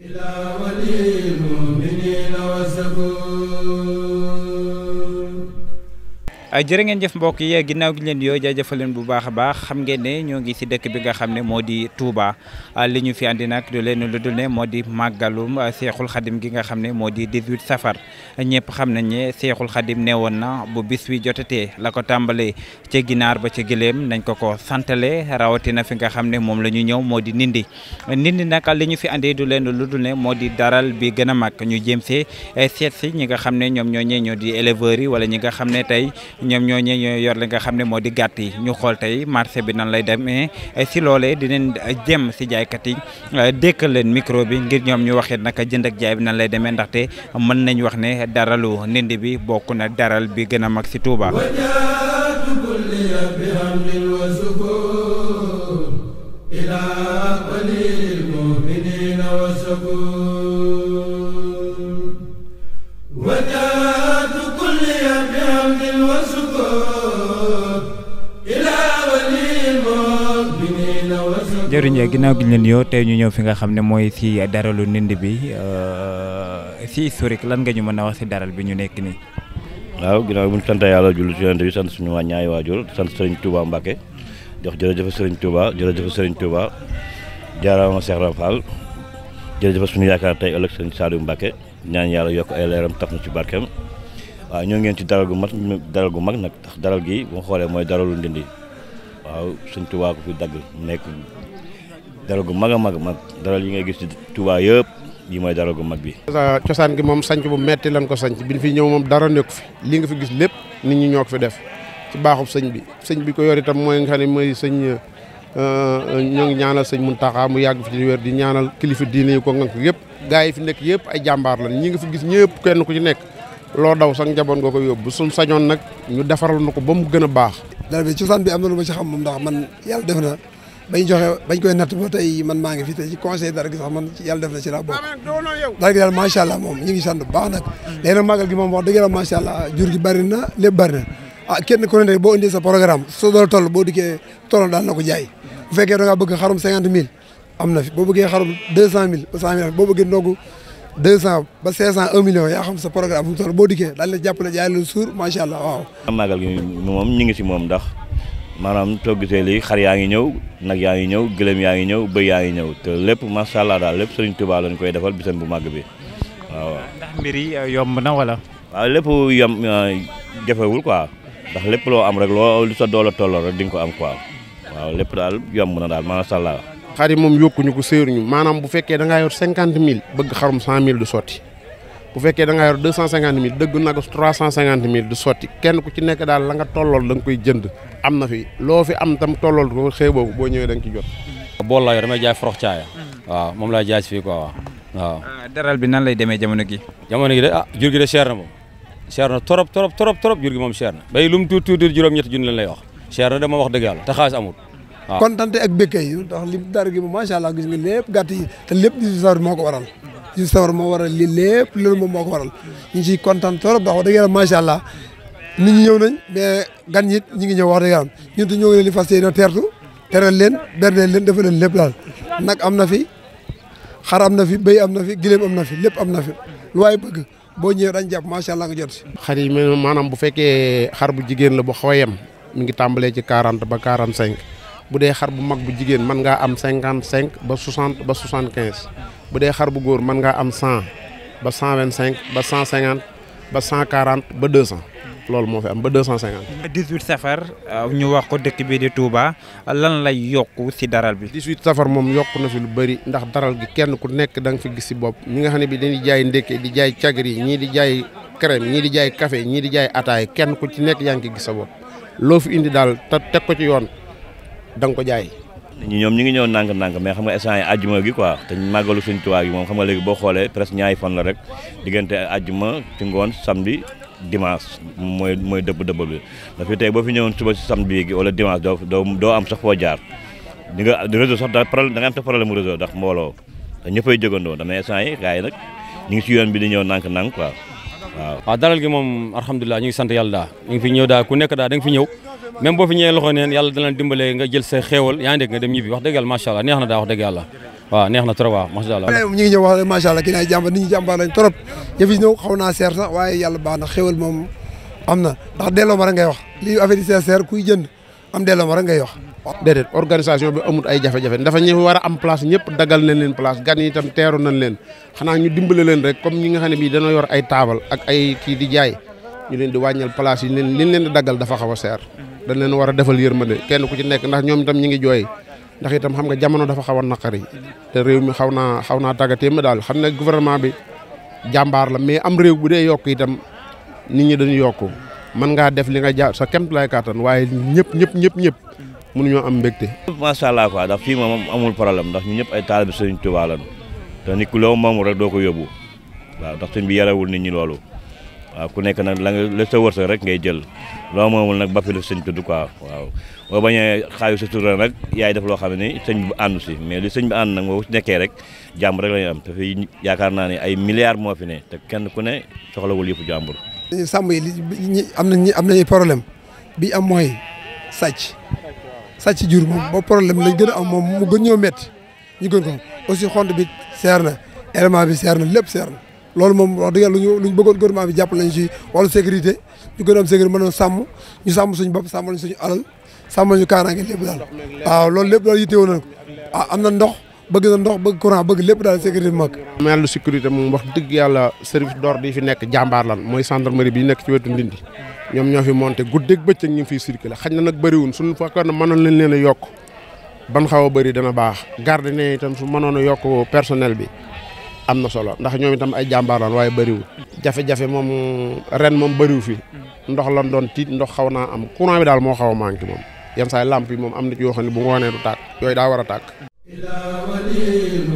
إلى ولي Euh, jërë ngeen jëf mbokk yi ginnaaw gi leen yoo jaajëfal leen bu baax a xam ngeen ne ñoo ngi si dëkk bi nga xam ne moo di Touba euh, li ñu fi andi du leen lu dul ne moo di màggalum euh, Seexul Xadim gi nga xam ne moo di 18 safar ñëpp xam nañ ne Seexul Xadim ne woon na bu bis jotatee la ko tàmbalee ca ginaar ba ca gëléem nañ ko ko santale rawatina fi nga xam ne moom la ñu ñëw moo di nindi nindi nag li ñu fi du leen lu dul moo di daral bi gën a mag ñu jéem see seet si ñi nga xam ne ñoom ñoo ñee ñoo di éleveurs yi wala ñi nga xam ne tey ñoom ñoo ñoo yor li nga xam ne moo di gàtt yi ñu xool tey marché bi nan lay demee si loolee dinañ jëm si jaaykat yi dékkal leen micro bi ngir ñoom ñu waxee nag jënd ak jaay bi nan lay demee ndaxte mën nañ wax ne daralu ndindi bi bokk na daral bi gën a mag si Touba. jëriñ ginnaaw gi ñu leen yoo tey ñu ñëw fi nga xamne moy ci daralu nind bi euh ci historique lan nga ñu mëna wax ci daral bi ñu nekk ni waaw ginnaaw bu ñu yalla jullu ci yonent bi sant suñu wa ñaay wa jull sant serigne Touba Mbacke jox jëre jëf serigne Touba jëre jëf serigne Touba jaaraama Cheikh rafal jëre jëf suñu yaakaar tay ëlëk serigne Saliou Mbacke ñaan yalla yok ay leeram taf ci barkam wa ñoo ngeen ci daral gu mat daral gu mag nak ndax daral gi bu xolé moy daralu nind bi waaw serigne Touba ko fi dagg nekk dara gu mag a mag mag dara yi ngay gis ci Touba yëpp yi mooy dara gu mag bi. cosaan gi moom sanc bu metti lan ko sanc bi ñu fi ñëw moom dara nekk fi li nga fi gis lépp nit ñi ñoo ko fi def ci sëñ bi sëñ bi ko yor itam mooy nga xam ne mooy sëñ euh, euh, ñoo ngi ñaanal sëñ Muntaxa mu yàgg fi di wér di ñaanal kilifa diine yi ko nga ko yëpp. gaa yi fi nekk yëpp ay jàmbaar lan ñi nga fi gis ñëpp kenn ku ci nekk loo daw sax njaboon nga ko yóbbu suñ sañoon nag ñu defaral na ko ba mu gën a baax. dara bi cosaan bi am na lu ma ci xam moom ndax man yàlla def na bañ joxe bañ koy natt ba tey man maa ngi fi te ci conseil dara gi sax man yàlla def na ci laa bokk dara gi macha allah moom ñu ngi sant bu baax na léegi gi moom wax dëgg yàlla macha allah jur gi bari na lépp bari na ah boo indee sa programme soo na ko jaay bu fekkee da ngaa bëgg fi boo bëggee xarum deux cent mille ba cent mille boo bëggee ndogu un million yaa xam sa programme fu mu toll boo dikkee daal la jaay la suur macha allah waaw. màggal gi moom ñu ngi si moom ndax. maanaam soo gisee lii xar yaa ngi ñëw nag yaa ngi ñëw gëlëm yaa ngi ñëw bëy yaa ñëw te lépp macha allah daal lépp Serigne Touba lañ koy defal bisam bu màgg bi waaw. mbir yi euh, yomb na wala. waaw lépp yom euh, jafewul quoi ndax lépp loo am rek loo lu sa doole tolloo rek di nga ko am waaw lépp daal yomb na daal macha allah. xar yi moom yokkuñu ko séeruñu maanaam bu fekkee da ngaa yor cinquante mille bëgg xarum cent mille du sotti. bu fekke da nga yor deux cent cinquante mille dëgg na du soti kenn ku ci nek dal la nga tollool dang koy jënd amna fi lo fi am tam tollool ko xey bobu bo ñëwee dang ci jot. bo la yor may jaay frox chaaya mm. waaw mom la jaay si fii quoi waaw. Mm. Ah, daral bi nan lay démé jamono gi jamono gi de ah jur de cher na mom cher na torop torop torop torop jurgi mom cher na. bay lu mu tuuti tuuti juróom-ñetti junni lañ lay wax. cher na dama wax deug yalla ta xaas amul. kontante ak bekkay ndax gi ma sha allah gis nga lepp gàtt te lepp di sar moko waral si sawar moo waral lii lépp loolu moom moo ko waral ñu ngi ciy kontaan wax dëgg yàlla macha nit ñi ñëw nañ mais gan ñi ñu ngi ñëw wax dëgg yàlla ñun ñoo ngi leen di fas yéene teertu teral leen berneel leen defal leen lépp daal nag am fi xar na fi béy amna fi gileem am fi lépp amna fi lu waay bëgg boo ñëwee dañ jàpp nga jot si. xar yi bu fekkee xar bu jigéen la bu xaw mi ngi tàmbalee ci ba bu xar bu mag bu jigéen mën ngaa am cinquante ba soixante ba bu dee xar bu góor mën ngaa am cent ba cent vingt cinq ba cent cinquante ba cent quarante ba deux cent loolu moo fi am ba deux cent cinquante. dix-huit safar euh, ñu wax ko dëkk Touba lan lay yokku si daral bi. dix-huit safar moom yokk na fi lu bëri ndax daral gi kenn ku nekk da nga fi gis si bopp ñi nga xam ne bi dañuy jaay ndékke di jaay cagri ñii di jaay crème ñii di jaay café ñii di jaay ataay kenn ku ci nekk yaa ngi gis sa bopp loo fi indi daal te teg ko ci yoon da nga ko jaay. ñi ñoom ñi ngi ñëw nànk-nànk mais xam nga instant yi ajjuma gi quoi te màggalu suñ tubaab gi moom xam nga léegi boo xoolee presque ñaari fan la rek diggante ajjuma ci ngoon samedi dimanche mooy mooy dëbb dëbbal bi dafa tey boo fi ñëwoon suba si samedi gi wala dimanche doo doo am sax foo jaar di nga réseau sax da problème da nga am sax problème mu réseau ndax mbooloo te ñëppay jógandoo damay instant yi yi nag ñu ngi si yoon bi di ñëw nànk-nànk quoi a waaw dalal gi moom alhamdulilah ñu ngi sant yàlla daa ñu ngi fi ñëw daa ku nekk daa da nga fi ñëw même boo fi ñëwee loxo neen yàlla dana dimbalee nga jël sa xéewal yaa ngi dégg nga dem ñibbi wax dëgg yàlla macha allah neex na daa wax dëgg yàlla neex na trop waaw macha allah ñu seer sax waaye yàlla baax na moom am na ndax delloo ma rek ngay wax lii affaire yi seer kuy jënd am delloo ma rek ngay wax déedéet organisation bi amut ay jafe-jafe dafa ñu war a am place ñëpp dagal nañ leen place gan yi itam teeru nañ leen xanaa ñu dimbale leen rek comme ñi nga xam ne bii dana yor ay taabal ak ay kii di jaay ñu leen di wàññal place yi leen liñ leen di dagal dafa xaw a seer dañ leen war a defal yërmande kenn ku ci nekk ndax ñoom itam ñi ngi jooy ndax itam xam nga jamono dafa xaw a naqari te réew mi xaw naa xaw naa tàggatéem daal xam ne gouvernement bi jàmbaar la mais am réew bu dee yokk itam nit ñi dañu yokk mën ngaa def li nga ja sa kemt lay kàttan waaye ñëpp ñëpp ñëpp ñëpp mënuñoo am mbégte. macha allah quoi ndax fii moom amul problème ndax ñu ñëpp ay taalibe Sëriñ Tuubaa lañu te nit ku loo moomul rek doo ko yóbbu waaw ndax sëñ bi yarewul nit ñi loolu waaw ku nekk nag la nga la sa rek ngay jël loo moomul nag ba fi la sëñ tudd quoi waaw boo bañee xaayu sa tur nag yaay def loo xam ne sëñ bi àndu si mais li sëñ bi ànd nag moo si nekkee rek jàmm rek la ñu am te fii yaakaar naa ne ay milliards moo fi ne te kenn ku ne soxlawul yëfu jàmbur. sàmm yi li am na am nañu problème bi am mooy sàcc. sàcc jur moom moo problème lañ gën a am moom mu gën ñoo métti ñu gën ko am aussi xont bi seer na élément bi seer na lépp seer na loolu moom wax dëgg yàlla luñu luñ bëggoon gouvernement bi jàpp lañ ci wala sécurité ñu gën a am sécurité mën a sàmm ñu sàmm suñ bopp sàmm lañ suñu alal sàmm lañu kaaraange lépp daal waaw loolu lépp loolu yittewoo nañ ko ah am na ndox bëgg na ndox bëgg courant bëgg lépp daal sécurité bu mag. wàllu sécurité moom wax dëgg yàlla service d'ordre yi fi nekk jàmbaar lan mooy gendarmerie bi nekk ci wetu Ndindi ñoom ñoo fi monté guddeeg bëccëg ñu ngi fiy circulé xañ na nag bëriwul suñu fekkoon ne mënoon nañ leen a yokk ban xaw a bëri dana baax. garde ne itam su mënoon a yokk personnel bi am na solo ndax ñoom itam ay jàmbaar lan waaye bëriwul. jafe-jafe moom ren moom bëriwu fi ndox lan doon tiit ndox xaw naa am courant bi daal moo xaw a manqué moom yenn saa lamp yi moom am na ci yoo xam ne bu ngoonee du tàkk yooyu daa war a tàkk ila wali